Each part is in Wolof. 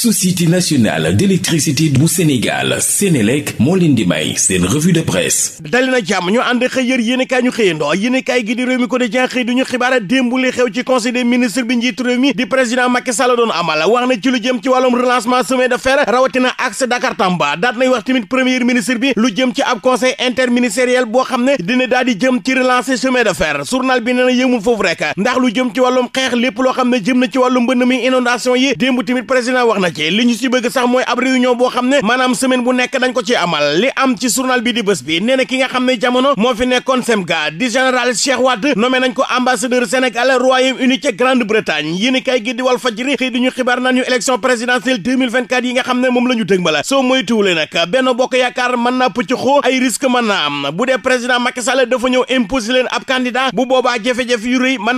société nationale d'électricité bu Sénégal Sénélec moo leen di may seen revue de presse dali na jàmm ñu ànd xëy yër yéenekaay ñu xëyandoo yéenekaay gi di réew mi quotidien xëy du ñu xibaara démb li xew ci conseil des bi njiitu réew mi di président Macky Sall amal wax na ci lu jëm ci wàllum relancement chemin de fer rawatina axe Dakar Tamba daat nay wax tamit premier ministre bi lu jëm ci ab conseil interministériel boo xam ne dina daal di jëm ci relancer chemin de fer journal loo xam ne jëm na ci mi inondation yi démb na ci li ñu si sax mooy ab boo xam ne maanaam semaine bu nekk dañ ko ci amal li am ci journal bi di bi nee ki nga xam ne jamono moo fi nekkoon semga di général Cheikh Wade nommé nañ ko ambassadeur Sénégal Royaume-Uni ca Grande-Bretagne yéen kay gi di Walf Fadjri xëy di ñu xibaar naan ñu élection présidentielle 2024 yi nga xam ne moom la ñu dëg ma la soo moytuwulee benn bokk yaakaar mën naa pucc xoo ay risque mën naa am bu dee président Macky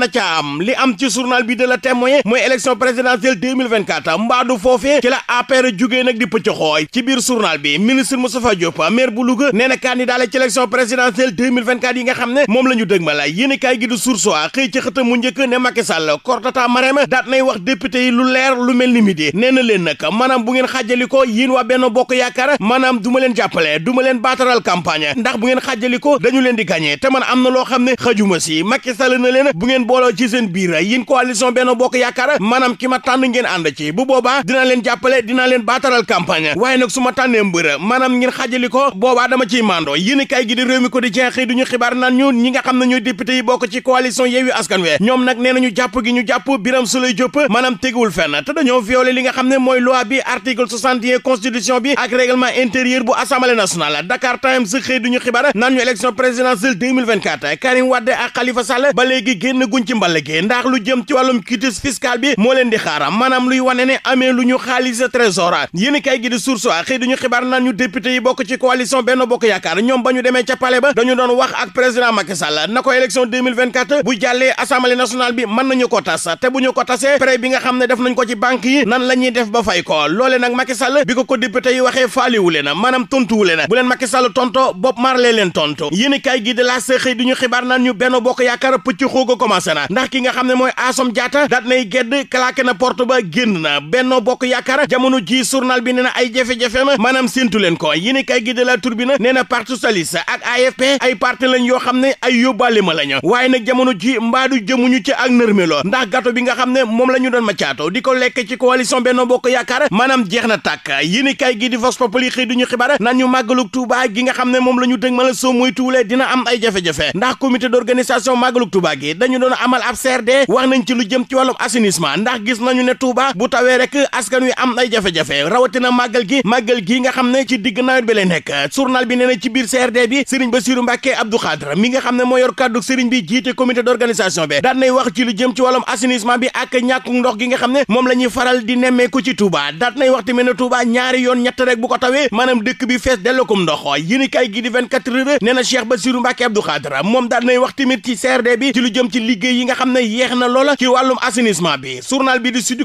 na caa am li am foofee ci la APR jugee nag di pëccxooy ci biir journal bi ministre Moustapha Diop maire bu Louga nee na candidat la ci élection présidentielle 2024 yi nga xam ne moom la ñu dëg ma la yéen i kaay gi du xëy ci xëtam mu njëkk ne Macky Sall kortata marème daat nay wax député yi lu leer lu mel ni midi nee na leen nag maanaam bu ngeen xàjjali ko yéen waa Benno Bokk Yaakaar maanaam du ma leen jàppale du ma leen baataral campagne ndax bu ngeen xàjjali ko dañu leen di gagné te man am na loo xam ne xajuma si Macky Sall na leen bu ngeen booloo ci seen biir leen jàppale leen baataral campagne waaye nag su ma tànnee mbër maanaam ngeen xaajali ko boobaa dama ciy kay gi di réew mi ko di du ñu xibaar naan ñu ñi jàpp gi ñu jàpp Birame Souleye Diop maanaam teguwul fenn te dañoo violé li nga xam ne mooy loi bi article 61 constitution bi ak règlement bu assemblée nationale Dakar Times xëy du ñu xibaar naan ñu élection présidentielle 2024 Karim Wade ak Khalifa Sall génn guñ ci mballe gi ndax lu xaalis trésor yéen kay gi di source a xibaar naan ñu député yi bokk ci coalition benn bokk yaakaar ñoom ba ñu demee ca palais ba dañu doon wax ak président Macky Sall na ko élection 2024 bu jàllee assemblée nationale bi mën nañu ko tas te bu ñu ko tasee prêt bi nga xam ne def nañ ko ci banque yi nan la def ba fay ko loole nag Macky bi ko ko député yi waxee faaliwule na maanaam tontuwule na bu leen Macky tonto Bob Marley leen tonto yéen benn bokk yaakaar pëcc xooga commencé na ndax ki ne mooy na benn bokk yaakaar jamono ji journal bi nee na ay jafe-jafe ma maanaam séntu leen ko yéen kay gi de la tur bi na nee na parti socialiste ak AFP ay parti lañ yoo xam ne ay yóbbaale ma lañu waaye nag jamono ji mbaadu jëmuñu ci ak nërmeloo ndax gato bi nga xam ne moom la ñu doon ma caato di ko lekk ci coalition Benno Bokk Yaakaar maanaam jeex na tàkk yéen kay gi di Vox Populi xëy duñu xibaar naan ñu màggalug Tuuba gi nga xam ne moom la ñu dëg ma la soo muy tuulee dina am ay jafe-jafe ndax comité d'organisation màggalug dañu doon amal ab nañ ci lu jëm ci wàllum assainissement ndax gis nañu ne Tuuba bu askan wi am ay jafe-jafe rawatina màggal gi màggal gi nga xam ne ci digg nawet bi lay nekk journal bi nee ci biir CRD bi Serigne Bassirou Mbacké Abdou Khadre mi nga xam ne moo yor kàddu Serigne bi jiite comité d'organisation bi daan nay wax ci lu jëm ci wàllum assainissement bi ak ñàkku ndox gi nga xam ne moom la faral di nemmeeku ci Touba daan nay wax tamit ne Touba ñaari yoon ñett rek bu ko tawee moom daan nay wax tamit ci CRD bi ci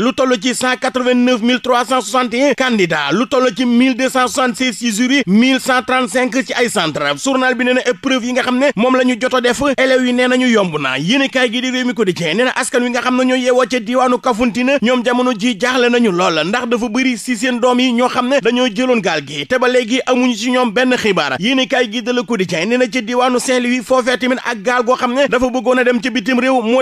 lu lu toll ci cent quatre-vingt-neuf mille trois soixante et un lu toll ci mille deux cent soixante-six ci jury mille cent trente ci ay centre journal bi nee épreuve yi nga xam ne moom la ñu def élèves yi nee nañu yomb na yéen kaay gi di réew mi ko di cee nee na askan wi nga xam ne ñoo yeewoo ca diwaanu Kafountine ñoom jamono ji jaaxle nañu lool ndax dafa bëri si doom yi ñoo xam ne dañoo jëloon gaal gi te ba léegi amuñu ci ñoom benn xibaar yéen kaay gi de ko di a dem ci bitim réew moo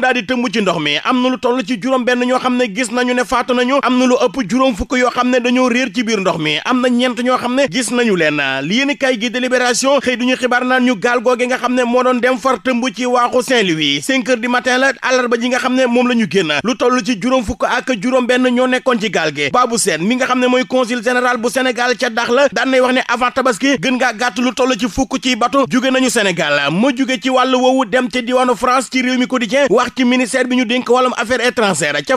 ne faatu nañu am na lu ëpp juróom fukk yoo xam ne dañoo réer ci biir ndox mi am na ñeent ñoo xam ne gis nañu leen li yéen kay gi délibération xëy duñu xibaar naan ñu gaal googe nga xam ne moo doon dem far tëmb ci waaxu Saint-Louis cinq heures du matin la àllarba ji nga xam ne moom la ñu génn lu toll ci juróom fukk ak juróom benn ñoo nekkoon ci gaal gi Babou Sène mi nga xam ne mooy consul général bu Sénégal ca dax la daan nay wax ne avant tabaski gën ngaa gàtt lu toll ci fukk ci bato jóge nañu Sénégal ma jóge ci wàllu woowu dem ca diwaanu France ci réew mi quotidien wax ci ministère bi ñu dénk wàllum affaires étrangères ca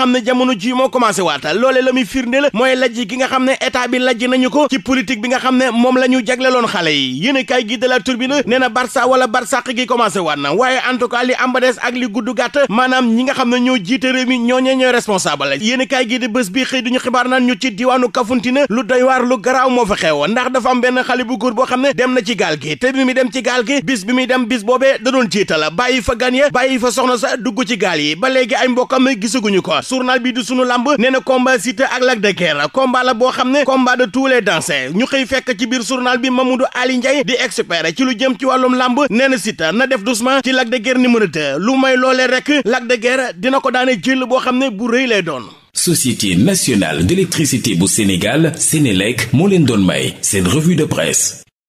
xam ne jamono ji moo commencé waata loole la muy firndeel mooy lajj gi nga xam ne état bi lajj nañu ko ci politique bi nga xam ne moom la ñu jagleloon xale yi yéen a kaay gi de la turbine nee na Barça wala Barsàq gi commencé waat na waaye en tout cas li ambades ak li gudd maanam ñi nga xam ne ñoo jiite réew mi ñooñee ñooy responsable la yéen a kaay gi de bés bi xëy duñu xibaar nan ñu ci diwaanu Kafountine lu doy waar lu garaaw moo fa xew ndax dafa am benn xale bu góor boo xam ne dem na ci gaal gi te bi mu dem ci gaal gi bis bi muy dem bis boobee da doon jiita la bàyyi gan ya bàyyi fa soxna sa dugg ci gaal yi ba léegi ay mbokkam gisuguñu ko journal bi di sunu lamb nee na combat Siteu ak Lac de Guiers combat la boo xam ne combat de tous les danseurs ñu xëy fekk ci biir journal bi ma Mamadou Ali Ndiaye di expert ci lu jëm ci wàllum lamb nee na na def doucement ci Lac de Guiers numéro 2 lu may loolee rek Lac de Guiers dina ko daane jël boo xam ne bu rëy lay doon. Société nationale d'électricité bu Sénégal Sénélec moo leen doon may seen revue de presse.